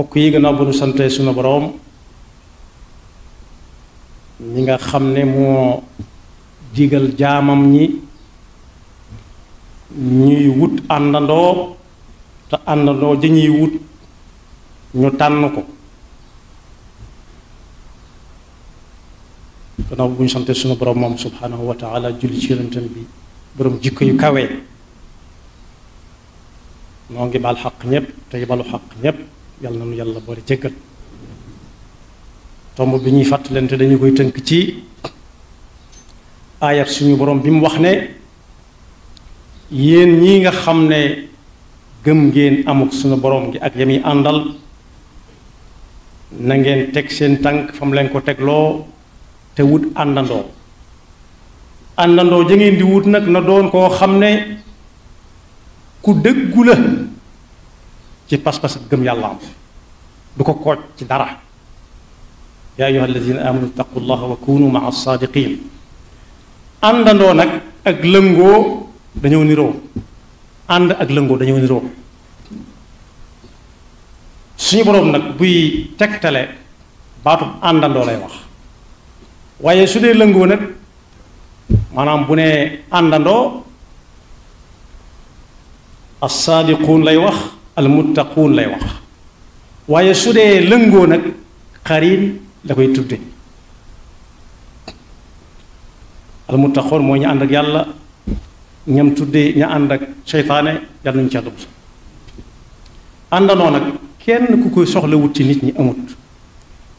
bokk yi gannaaw bu nu sante sunu boroom ñi nga xam ne moo digal jaamam ñi ñuy wut àndandoo te àndandoo ja ñuy wut ñu tànn ko gannaaw bu ñu sante sunu boroom moom subhaanahu wa taala julli ci yonentam bi boroom jikk yu kawe moo ngi baal xaq ñépp tey balu xaq ñépp yàlla na nu yàlla boole jéggal tomb bi ñuy fàttalante dañu koy tënk ci aayat suñu borom bi mu wax ne yéen ñi nga xam ne gëm ngeen amuk suñu borom gi ak yami àndal na ngeen teg seen tànk fa mu leen ko tegloo te wut àndandoo àndandoo ja ngeen di wut nag na doon koo xam ne ku dëggu la ci pas-pas ak gëm yàlla du ko kooj ci dara yaa ayyuha alladina amanu taqullaha wa kunu maa alsaadiqin àndandoo nag ak lëngoo dañoo niroo ànd ak lëngoo dañoo niroo suñu boroom nag buy tegtale baatu àndandoo lay wax waaye su dee lëngoo nag maanaam bu ne àndandoo alsaadiquun lay wax almuttaquun lay wax waaye su dee lëngoo nag xarin la koy tudde almuttaquun mooy ñu ànd ak yàlla ñam tudde ña ànd ak seytaane yàlla nañu ci àddu àndanoo nag kenn ku koy soxla ci nit ñi amut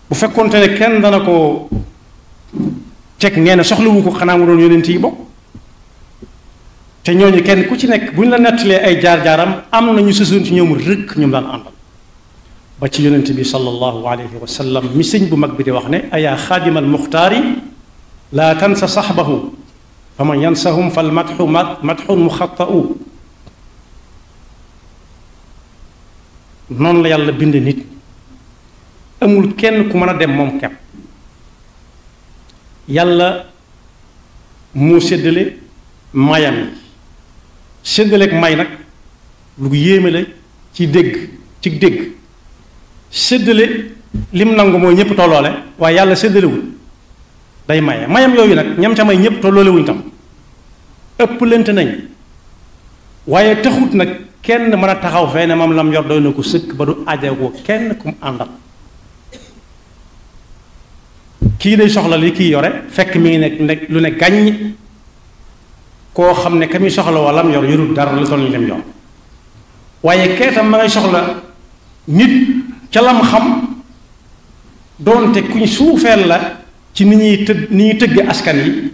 bu fekkoonte ne kenn dana ko teg nee na soxlawu ko xanaa mu doon yonent yi bokk te ñooñu kenn ku ci nekk bu ñu la nettalee ay jaar-jaaram am na ñu sësoon ci ñoom rëkk ñoom daan àndal ci yonent bi sallallahu alayhi wa sallam bu mag bi di wax ne ayaa xaadimal muxtaari laa tansa saxbahu fa man yansahum fal matxu matxun muxatau noonu la yàlla bind nit amul kenn ku mën a dem moom kepp yàlla mu seddale mayam séddaleeg may nag lu yéeme la ci dégg ci dégg séddale lim nangu mooy ñëpp tolloole waaye yàlla séddalewul day maye mayam yooyu nag ñam ca may ñëpp tolloolewuñ tam ëpp lente nañ waaye taxut nag kenn mën a taxaw fee ne moom lam yor doy na ko sëkk ba du ajagoo kenn kum àndal kii day soxla li kii yore fekk mi ngi nekk lu ne gàññ koo xam ne ka muy soxla yor yorul dara la toll nii dem yor waaye kee tam ma ngay soxla nit ca lam xam doonte kuñ suufeel la ci ni ñuy të ni ñuy tëgg askan yi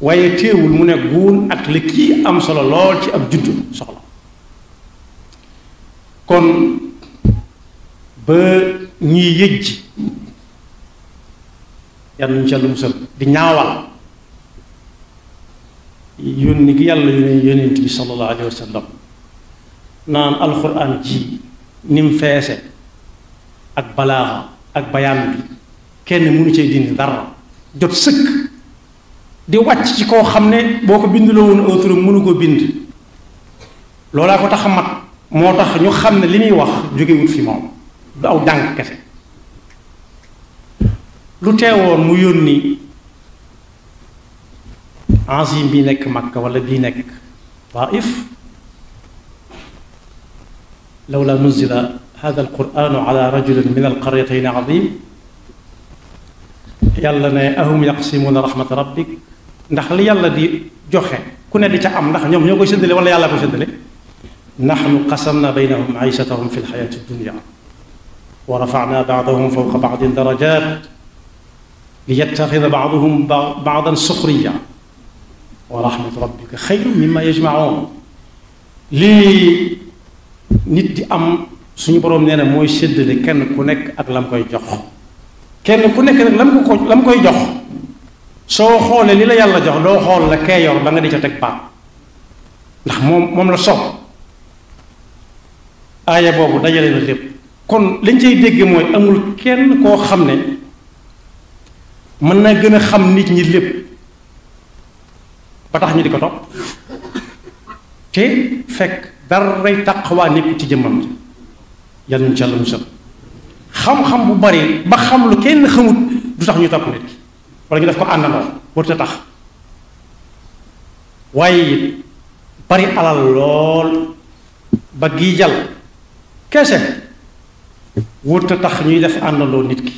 waaye téewul mu ne guun ak li kii am solo lool ci ab juddu soxla kon ba ñuy yëj yal nañu ca lu musal di ñaawal. yónni gi yàlla yónni yónent bi sallallahu alayhi wa sallam naan alxuraan ji nim feese ak balaaxa ak bayaan bi kenn mënu cee dindi dara jot sëkk di wàcc ci koo xam ne boo ko binduloo woon autorom mënu ko bind loolaa ko tax a mat moo tax ñu xam ne li muy wax jógewut fi moom du aw jàng kese lu teewoon mu yónni enzim bi nekk Makka wala bii nekk Taif lawla nuzila hada alquranu ala rajulin min alqaryatayn azim yàlla ne ahum yaqsimuna rahmata rabbik ndax li yàlla di joxe ku ne di ca am ndax ñoom ñoo koy séddale wala yàlla koy séddale naxnu qasamna baynahum maichatahum fi lxayaati dunia wa rafana baadahum fawqa baadin darajat liyattaxida baaduhum baadan suxriya wa rahmatu rabbika xayrun mimma yajmaun lii nit di am suñu boroom nee na mooy séddale kenn ku nekk ak lam koy jox kenn ku nekk la lam ko lam koy jox soo xoolee li la yàlla jox doo xool la kee ba da nga di ca teg baat ndax moom moom la sob aaya boobu dajale na lépp kon lañ cay dégg mooy amul kenn koo xam ne mën naa gën a xam nit ñi lépp ba tax ñu di ko topp te fekk daray taqwa nekku ci jëmmam yal nañu ci yàlla musal xam-xam bu bari ba xam lu kenn xamut du tax ñu topp nit ki def ko àndandoo warut tax waaye bari alal lool ba gii jal kese warut tax ñuy def àndandoo nit ki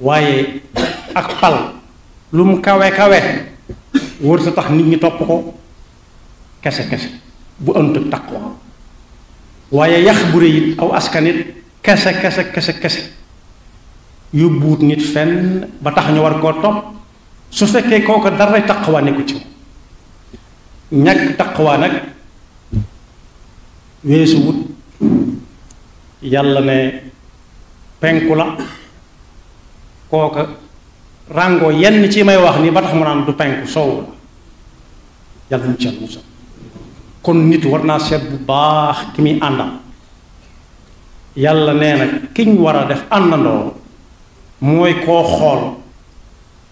waaye ak pal lu mu kawe kawe wër sa tax nit ñi topp ko kese kese bu ëntëg taqwa waaye yax bu rëy aw askan it kese kese kese yu buut nit fenn ba tax ñu war koo topp su fekkee kooka dara taqwa nekku ci ñàkk taqwa nag weesu wut yàlla ne penku la kooka ràngoo yenn ci may wax ni ba tax mu naan du penku soow la yàlla ñu ci musa kon nit war naa seet bu baax ki muy àndal yàlla nee na kiñ war a def àndandoo mooy koo xool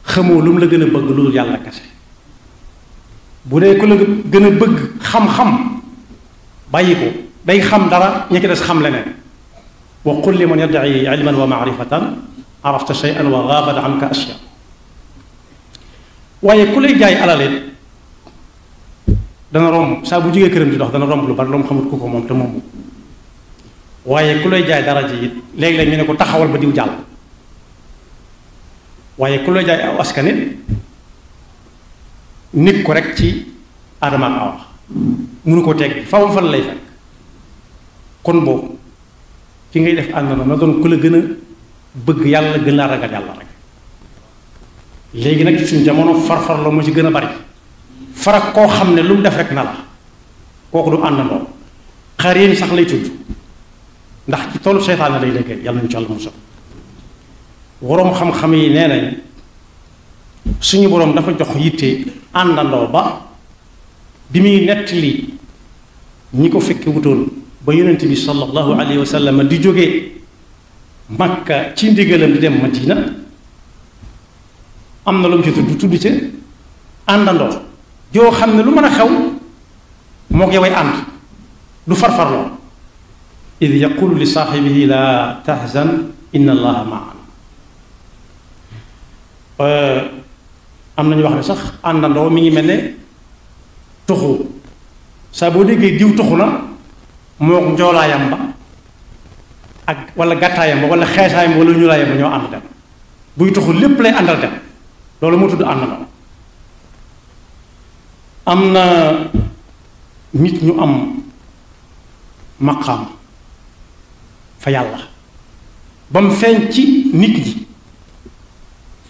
xamoo lu mu la gën a bëgg loolu yàlla kese bu dee ku la gën a bëgg xam-xam bàyyi ko day xam dara ña ci des xam leneen wa qul liman yad'i ilman wa ma'rifatan arafta shay'an wa gaabat anka ashya waaye ku lay jaay alale it dana romb saa bu jógee këram di dox dana romb lu bari lu mu xamut ku ko moom te moomu waaye ku lay jaay dara ji it léeg-léeg ne ko taxawal ba diw jàll waaye ku lay jaay aw askan it nit ko rek ci aadama ak awa mënu ko teg faaw fan lay fekk kon boobu ki ngay def ànd na na doon ku la gën a bëgg yàlla gën laa ragal yàlla rek léegi nag suñ jamono farfarloo moo ci gën a bari farak koo xam ne lu mu def rek na la kooku du àndandoo xar yéen sax lay tudd ndax ci toolu seytaane lay nekkee yàlla nañu ci àll musal woroom xam-xam yi nee nañ suñu boroom dafa jox yitte àndandoo ba bi muy nettali ñi ko fekke wutoon ba yonent bi sallallahu alayhi wa sallam di jógee makka ci ndigalam di dem madina am na lu mu ci tudd tudd ca àndandoo yoo xam ne lu mën a xew moog yoway ànd du farfarloo id yaqulu li saaxibihi laa tahzan inna allaha maana am nañu wax ne sax àndandoo mi ngi mel ne toxu sax boo déggee diw toxu na moo njoolaayam ba ak wala gàttaayam ba wala xeesaayam ba wala ñuulaayam ba ñoo ànd dem buy toxul lépp lay àndal dem loolu moo tudd ànd na am na nit ñu am maqaam fa yàlla ba mu feeñ ci nit ñi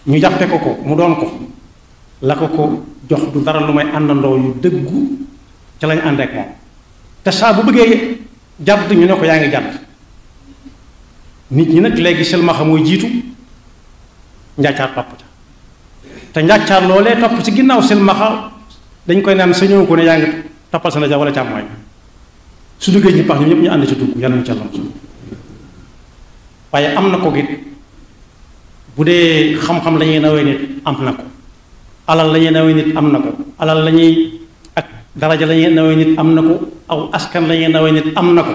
ñu jàppe ko ko mu doon ko la ko ko jox du dara lu may àndandoo yu dëggu ca lañ ànd ak moom te saa bu bëggee jàdd ñu ne ko yaa ngi jàdd nit ñi nag léegi silmaxa mooy jiitu njàccaar topp ca te njàccaar loolee topp ci ginnaaw silmaxa dañ koy naan sa ñëw ko ne yaa ngi toppal sa ndaja wala càmmooñ su duggee ñu pax ñun ñëpp ñu ànd ci dugg yàlla ñu ca lom waaye am na ko git bu dee xam-xam la am na ko alal la ñuy nawee nit am na ko alal la ak daraja la ñuy nawee nit am na ko aw askan la ñuy nawee nit am na ko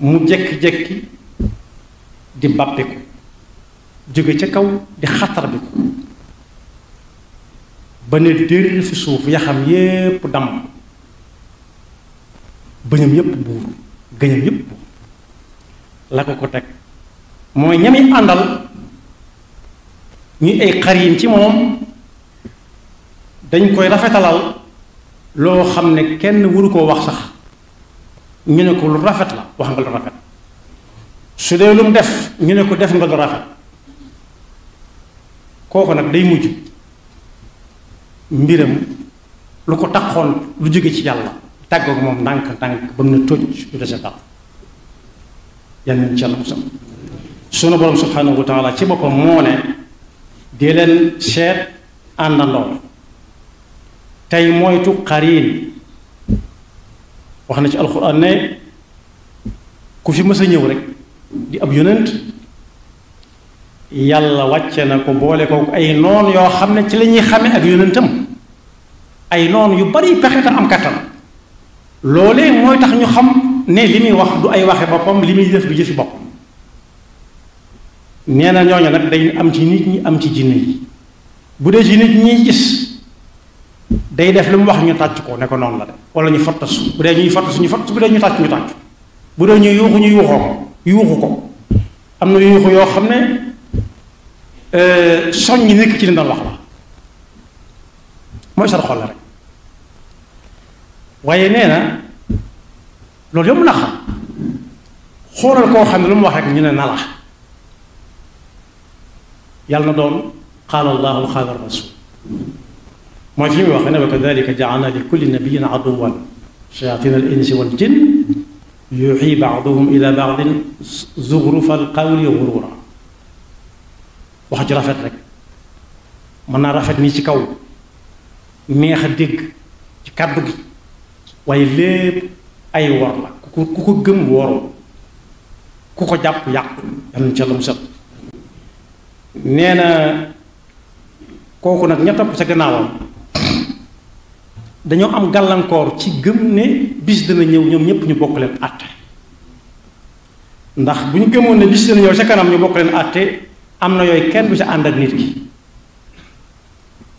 mu jekki-jekki di mbàppiku jóge ca kaw di xatar bi ko ba ne dér fi suuf yaxam yépp damm bëñam yépp buur gëñam yépp buur la ko ko teg mooy ñami àndal ñuy ay xariin ci moom dañ koy rafetalal loo xam ne kenn waru koo wax sax ñu ne ko lu rafet la wax nga lu rafet su dee lu mu def ñu ne ko def nga lu rafet kooku nag day mujj mbiram lu ko taxoon lu jóge ci yàlla tàggoog moom ndànk ndànk ba mu ne tóoj lu dese dàq yàlla nañ ci yàlla musal sunu borom subhanahu wa ci boppam moo ne dee leen seet àndandoo tey moytu xariin wax na ci alxuraan ne ku fi mës a ñëw rek di ab yonent yàlla wàcce na ko boole ko ay noon yoo xam ne ci lañuy xame ak yonentam ay noon yu bari pexe te am kattan loole mooy tax ñu xam ne li muy wax du ay waxe boppam li muy def du jëfi boppam nee na ñooñu nag dañ am ci nit ñi am ci jinne yi bu dee ci nit ñuy gis day def lu mu wax ñu tàcc ko ne ko noonu la de wala ñu fottasu bu dee ñuy fottasu ñu fottasu bu dee ñu tàcc ñu tàcc bu dee ñu yuuxu ñu yuuxoo ko yuuxu ko am na yuuxu yoo xam ne euh, soññ nekk ci li doon wax la mooy sar xol la rek waaye nee na loolu yomb na xam xoolal koo xam ne lu mu wax rek ñu ne na la na doon qaala allahu qaala rasul mooy fi muy wax ne wa kadalika jaalna li kulli nabiyin aduwan shayatin al insi wal jinn yuuxi baaduhum ila baadin zuxrufa alqawli xurura wax ju rafet rek mën naa rafet nii ci kaw neex a dégg ci kàddu gi waaye lépp ay wor la ku ko ku ko gëm woru ku ko jàpp yàqu yal ci la mu set nee na kooku nag ña topp sa gannaawam dañoo am gàllankoor ci gëm ne bis dana ñëw ñoom ñëpp ñu bokk leen àtte ndax bu ñu gëmoon ne bis dana ñëw ca kanam ñu bokk leen àtte am na yooyu kenn du ca ànd ak nit ki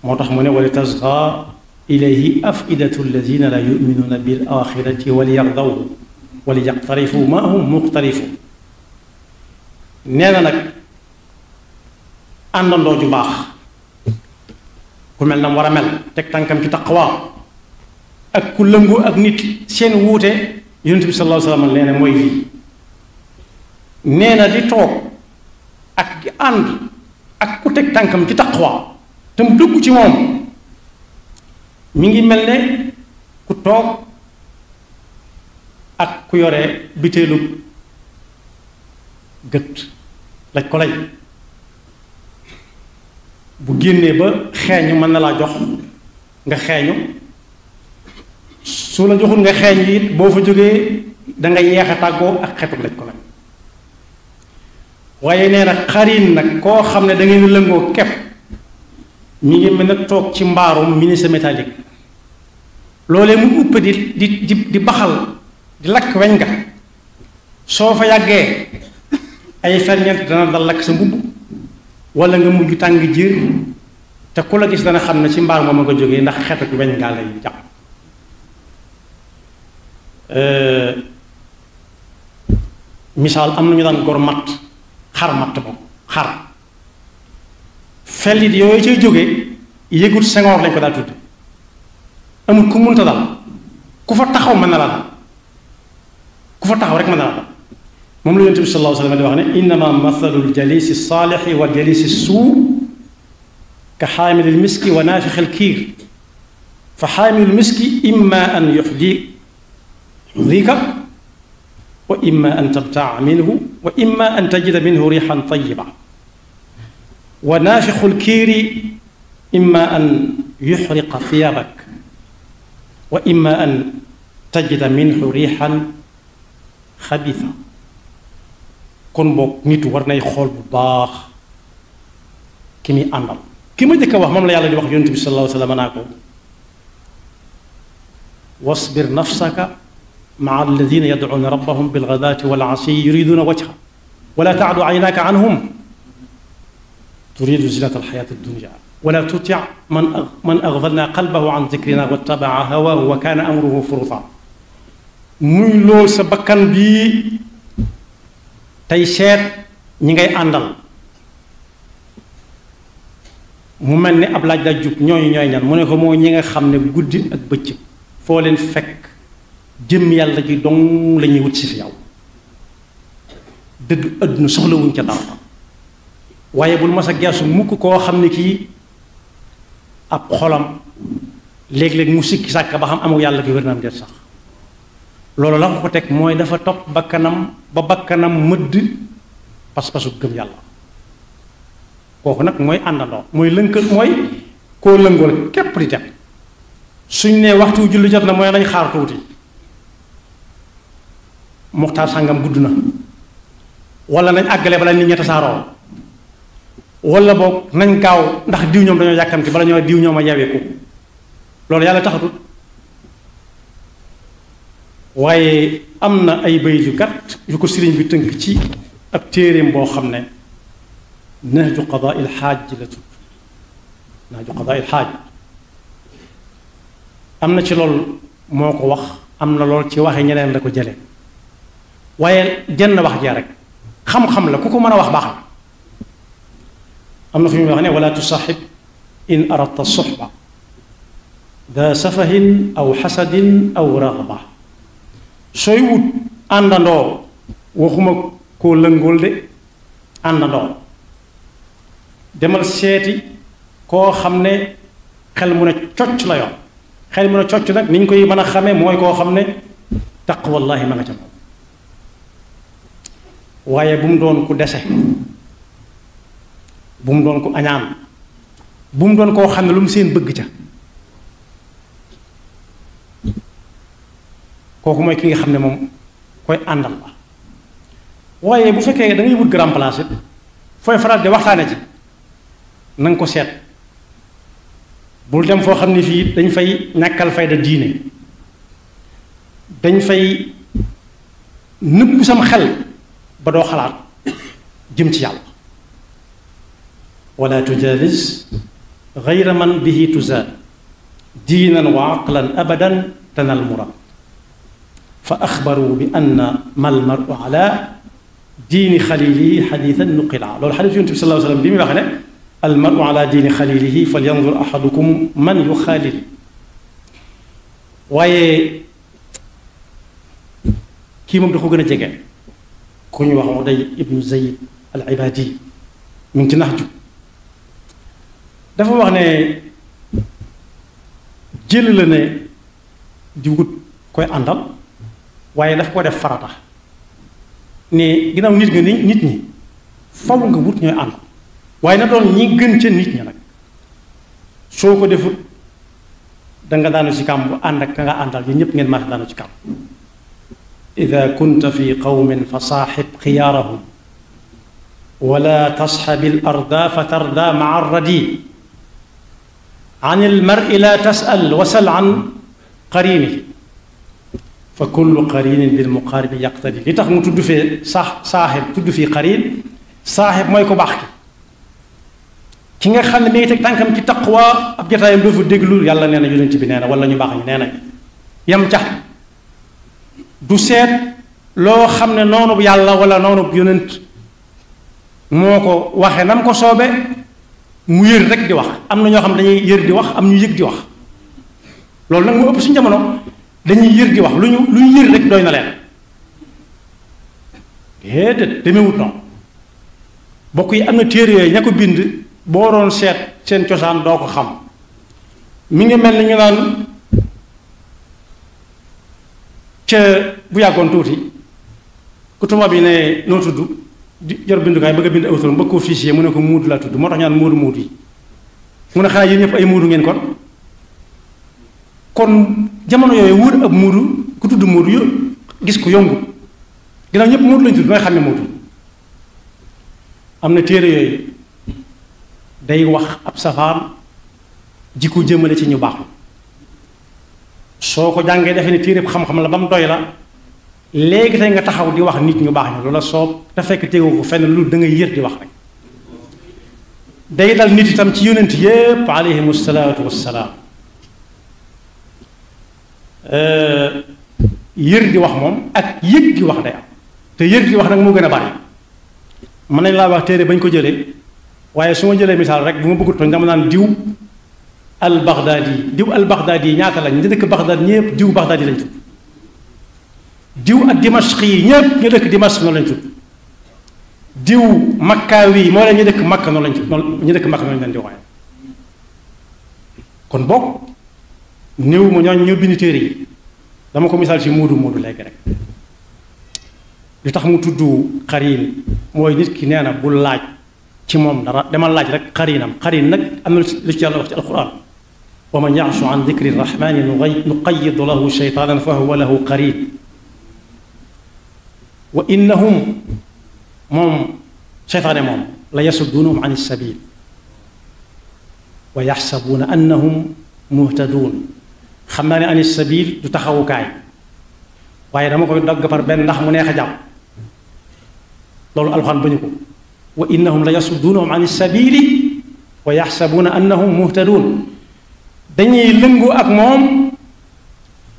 moo tax mu ne wali tasga ilayhi afidatu alladina la yuminuuna bil axirati wali yardaw wali yaqtarifu ma hum muqtarifu nee na nag àndandoo ju baax ku mel na mu war a mel teg tànkam ci taqwa ak ku lëngu ak nit seen wuute yonent bi sallallahu alayhi wa sallam nee na mooy lii nee na di toog ak di ànd ak ku teg tànkam ci taqwa te mu dugg ci moom mu ngi mel ne ku toog ak ku yore biteelu gët laj ko laj bu génnee ba xeeñu mën na laa jox nga xeeñu su la joxul nga xeeñ li it boo fa jógee da nga yeex a tàggoo ak xetu laj ko lañ waaye nee na xarin nag koo xam ne da ngeen lëngoo kepp mi ngi mën a toog ci mbaarum ministre métallique loolee mu upp di di di baxal di lakk weñ nga soo fa yàggee ay ferñeent dana dal lakk sa mbubb wala nga mujj tàng jiir te ku la gis dana xam ne ci mbaar moom a nga jógee ndax xetu weñ ngaa lay jàpp Euh, misaal am na ñu daan gor matt xar matt ko xar fellit yooyu cay jógee yëgut sengoor lañ ko daal tudd amul ku munta dal ku fa taxaw mën na laa dal ku fa taxaw rek mën na laa dal moom la yonent bi sallallahu alayhi wa sallam di wax ne innama mathalul jalisi saalixi wa jalisi suu ka xaamilil miski wa naafixil kiir fa xaamilul miski imma an yuxdi yurdika wa imma an tabtaa minhu wa imma an tajida minhu riixan tayiba wa naafixu lkiiri imma an yuxriqa thiyaabak wa imma an tajida minhu riixan xabiisa kon boog nit war nay xool bu baax ki muy àndal ki ma jëkk a wax moom la yàlla di wax yonent bi sallallahu alayhi wa sallam naa ko wasbir nafsaka maa alladina yadcuuna rabbahum bilgadaati walasiyi yuriduuna wajha wala taadu aynaka anhum turidu zinata alxayaati addunia wala tutic man man agfalna qalbahu an zikrina wattabaca hawaahu wa kaana amruhu furuta muy loo sa bakkan bii tey seet ñi ngay àndal mu mel ni ab laaj daa jub ñooñu ñooy ñan mu ne ko moo ñi nga xam ne guddi ak bëccëg foo leen fekk jëm yàlla ji dong la ñuy wut si fi yow dëgg àdduna soxlawuñ ca dara waaye bul mas gerte geesu mukk koo xam ne kii ab xolam léeg-léeg mu sikki sàkk ba xam amul yàlla gi wér na am sax loolu la ko ko teg mooy dafa topp bakkanam ba bakkanam mëdd pas-pasu gëm yàlla kooku nag mooy àndandoo mooy lënkal mooy koo lëngool képp di teg suñ nee waxtu julli jot na mooy nañ xaar tuuti muxtaar sàngam gudd na wala nañ àggale bala nit ñi tasaaroo wala boog nañ gaaw ndax diw ñoom dañoo yàkkamti bala ñoo diw ñoom a yaweeku loolu yàlla taxatut waaye am na ay bayit yu gàtt yu ko sëriñ bi tënk ci ab téeréem boo xam ne nahju qadaa il xaaj la tudd nahju qadaa il xaaj am na ci loolu moo ko wax am na lool ci waxe ñeneen la ko jële waaye jenn wax jee rek xam-xam la ku ko mën a wax baax na am na fu ñu wax ne wala tusaxib in aradta suxba da safahin aw xasadin aw raxba sooy wut àndandoo waxuma koo lëngool de àndandoo demal seeti koo xam ne xel mu a cocc la yoon xel mu ne cocc nag ni koy mën a xamee mooy koo xam ne taqwallahi ma nga ca waaye bu mu doon ku dese bu mu doon ku añaan bu mu doon koo xam ne lu mu seen bëgg ca kooku mooy ki nga xam ne moom koy àndal la waaye bu fekkee da ngay grand place fooy faral di waxtaane ci nanga ko seet bul dem foo xam ne fii dañ fay ñàkkal fayda diine dañ fay nëpp sam xel ba doo xalaat jëm ci yàlla wala tujaalis gayra man bihi tuzaad diinan wa aqlan abadan tanal muraad fa axbaru bi anna mal maru ala diini xalilihi xadiisan nuqila loolu xadiis yonent bi sallallaahu alayhi wa sallam bi muy wax ne al maru ala diini xalilihi fal yandur axadukum man yu xaalil waaye kii moom da ko gën a jege ku ñu wax Uday ibnu Zayd al Ibadi mu ngi ci nax ju dafa wax ne jël la ne di wut koy àndal waaye daf koo def farata ne ginnaaw nit nga ni nit ñi faw nga wut ñooy ànd waaye na doon ñi gën ca nit ñi nag soo ko defut danga daanu ci kàmb ànd ak ka nga àndal yi ñépp ngeen maax daanu ci kàmb إذا كنت في قوم فصاحب خيارهم ولا تصحب الأرضى فتردى مع الردي عن المرء لا تسأل وسل عن قرينه فكل قرين بالمقارب يقتدي li tax mu tudd fee saax saaxib tudd fii qarin saaxib mooy ko baax ki ki nga xam ne mi ngi teg tànkam ci taqwa ab jotaayam doo fa déglu yàlla nee na yonent bi nee na wala ñu baax ñu nee na yam ca du seet loo xam ne noonu bu yàlla wala bu yonent moo ko waxe nam ko soobe mu yér rek di wax am na ñoo xam dañuy yér di wax am ñu yëg di wax loolu nag mu ëpp suñu jamono dañuy yër di wax lu ñu lu ñu yër rek doy na leen déedéet demewut noonu bokk yi am na téere yooyu ña ko bind boo doon seet seen cosaan doo ko xam mi ngi mel ni ñu naan ca bu yàggoon tuuti ku tubaab yi ne noo tudd di bindukaay bëgg a bind aw turam bëgg koo fichier mu ne ko muudu laa tudd moo tax ñaan muudu muudu yi mu ne xanaa yéen ñëpp ay muudu ngeen kon kon jamono yooyu wër ab muudu ku tudd muudu yo gis ko yomb ginnaaw ñëpp muudu lañ tudd nooy xàmme muudu am na téere yooyu day wax ab safaan jikko jëmale ci ñu baax soo ko jàngee defe ne téereb xam-xam la ba mu doy la léegi tey nga taxaw di wax nit ñu baax ñu loola soo te fekk tegoo ko fenn lu da ngay yër di wax rek day dal nit itam ci yonent yépp aleyhimu salaatu salaam euh, yër di wax moom ak yëg di wax day am te yër di wax nag moo gën a bari mën nañ laa wax téere bañ ko jëlee waaye su ma jëlee misaal rek bu ma bëggut tooñ dama naan diw al Baghdadi diw al Baghdadi ñaata lañ ñu dëkk Baghdad ñëpp diw Baghdadi lañ tudd diw ak Dimashq yi ñëpp ñu dëkk Dimashq noonu lañ tudd diw Makkaawi yi moo leen ñu dëkk Makka noonu lañ tudd noonu ñu dëkk Makka noonu leen di waaye bokk néew ma ñooñ yi dama ko misaal ci Moodu Moodu rek li tax mu tudd xarin mooy nit ki nee na bu laaj ci moom dara demal laaj rek xarinam xarin nag am na lu ci yàlla wax ci alxuraan wa man yaashu an dikri rahmani nuqayid lahu shaytaanan fa huwa lahu qarin wa innahum moom seytaane moom la yasudduunahum an sabil wa yaxsabuuna annahum muhtaduun xam naa ne an sabil du taxawukaay waaye dama koy dogg par benn ndax mu neex a jàpp loolu alxuraan bañu ko wa innahum la yasudduunahum an sabili wa yaxsabuuna annahum muhtaduun dañuy lëngu ak moom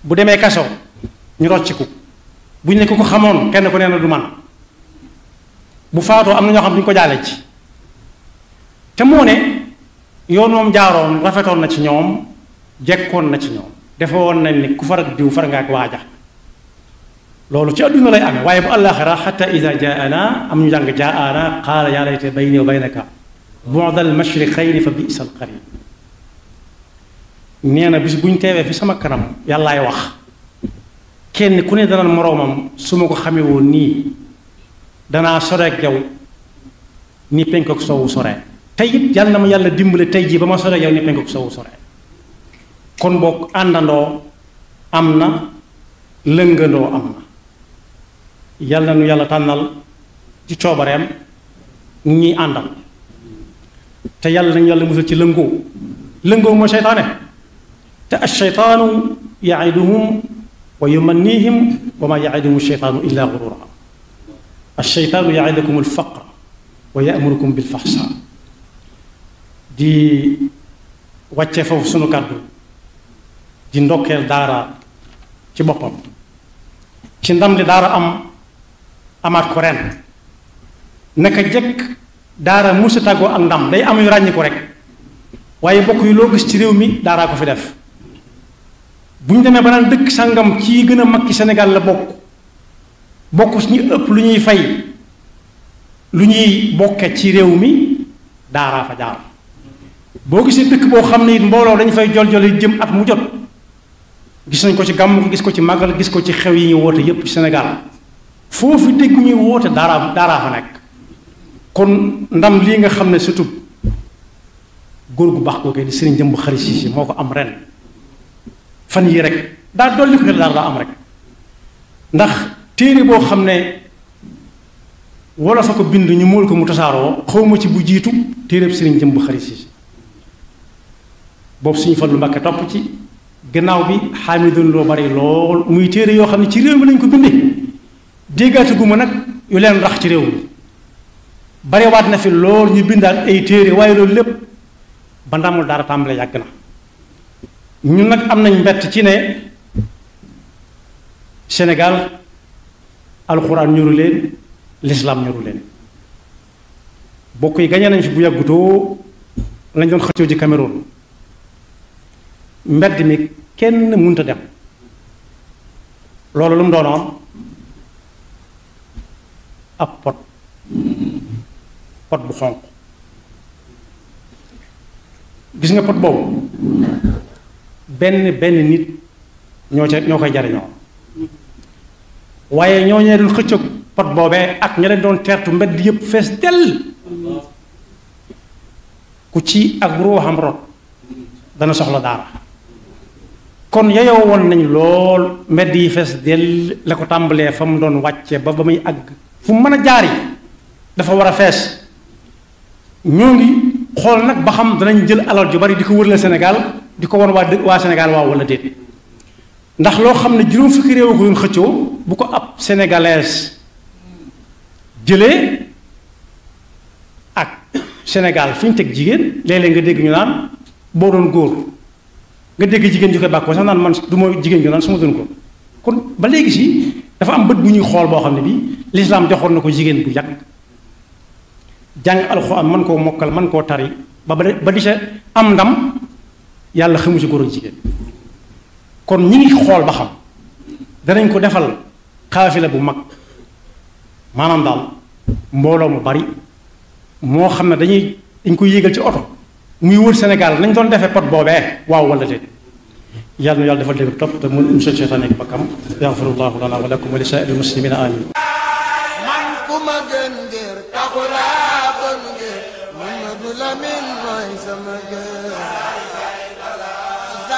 bu demee kaso ñu rocciku buñ ne ku ko xamoon kenn ku nee na du man bu faatoo am na ñoo xam duñ ko jaale ci te moo ne yoon moom jaaroon rafetoon na ci ñoom jekkoon na ci ñoom defe woon nañ ni ku farak diw far nga ak waaja loolu ci àdduna lay amee waaye bu àllaaxira xata ida jaana am ñu jàng jaana qaala yaa layta bayni wa baynaka bu'da al mashriqayni fa bi'sa al qarin nee na bis bu ñu teewee fi sama kanam yàllaay wax kenn ku ne dana moroomam su ma ko xamee woon nii danaa soreek yow ni penk ak soowu soree tey it yàlla na ma yàlla dimbale tey jii ba ma soreek yow ni penk ak soowu soree kon boog àndandoo am na lëngandoo am na yàlla nu yàlla tànnal ci coobareem ñi àndal te yàlla nañu yàlla musal ci lëngoo lëngoo mooy seytaane te alcheytaanu yaiduhum wa yumannihim wa maa yaiduhum alcheytaanu illa gurura alcheytaanu yaidukum alfaqra wa yamurukum bilfaxsa di wàcce foofu sunu kàddu di ndokkeel daara ci boppam ci ndam di daara am amaat ko ren naka jëkk daara musa tàggoo ak ndam day am yu ràññi ko waaye mbokk yu loo gis ci réew mi daaraa ko fi def bu ñu demee ba naan dëkk sàngam ci gën a mag ci Sénégal la bokk bokk su ëpp lu ñuy fay lu ñuy bokket ci réew mi daaraa fa jaar boo gisee dëkk boo xam ne it mbooloo dañ fay jol-joli jëm at mu jot gis nañ ko ci gàmm gis ko ci màggal gis ko ci xew yi ñu woote yépp ci Sénégal foofu dégg ñuy woote daaraa daaraa fa nag kon ndam lii nga xam ne surtout góor gu baax googee di sëriñ jëmb xarit si moo ko am ren fan yii rek daal dolli ko daal daa am rek ndax téere boo xam ne wala fa ko bind ñu mool ko mu tasaaroo xawma ci bu jiitu téereb sëriñ jëm bu xarit si boobu suñu Fallu Mbàkke topp ci gannaaw bi xaamidun loo bari lool muy téere yoo xam ne ci réew mi lañ ko bindee déggaate gu ma nag yu leen rax ci réew mi barewaat na fi lool ñu bindaat ay téere waaye loolu lépp ba ndamul daara tàmbale yàgg na ñun nag am nañ mbett ci ne Sénégal alxuraan ñoru leen lislaam ñoru leen bokk yi gañee nañ fi bu yàggutoo lañ doon xëccoo ji Cameroun mbedd mi kenn mënta dem loolu lu mu doonoon ab pot pot bu xonq gis nga pot boobu benn benn nit ñoo ca ñoo koy jariñoo waaye ñoo ñee doon xëcc pot boobee ak ña leen doon teertu mbedd yëpp fees dell ku ci ak ruuxam rot dana soxla daara kon yeyoo woon nañ lool mbedd yi fees dell la ko tàmbalee fa mu doon wàcce ba ba muy àgg fu mën a jaar yi dafa war a fees ñoo ngi xool nag ba xam danañ jël alal ju bari di ko wërale Sénégal di ko war waa dë waa Sénégal waaw walla déet ndax loo xam ne juróom fukki réew ko doon xëccoo bu ko ab sénégalaise jëlee ak Sénégal fi ñu teg jigéen léeg nga dégg ñu naan boo doon góor nga dégg jigéen ju koy bàkkoo sax naan man du ma jigéen ju naan su ma doon ko kon ba léegi si dafa am bët bu ñuy xool boo xam ne bi lislaam joxoon na ko jigéen bu yàgg jàng am man koo mokkal man koo tari ba ba di sa am ndam yàlla xamuñu ci góor jigéen kon ñi ngi xool ba xam danañ ko defal xaafila bu mag maanaam daal mbooloo mu bari moo xam ne dañuy dañ koy yéegal ci oto muy wër Sénégal nañ doon defee pot boobee waaw wala déet yàlla na yàlla defal dégg topp te mu musal seytaane ak bakkam yaxfirullahu lana wa lakum ko li saa'iril muslimina amin man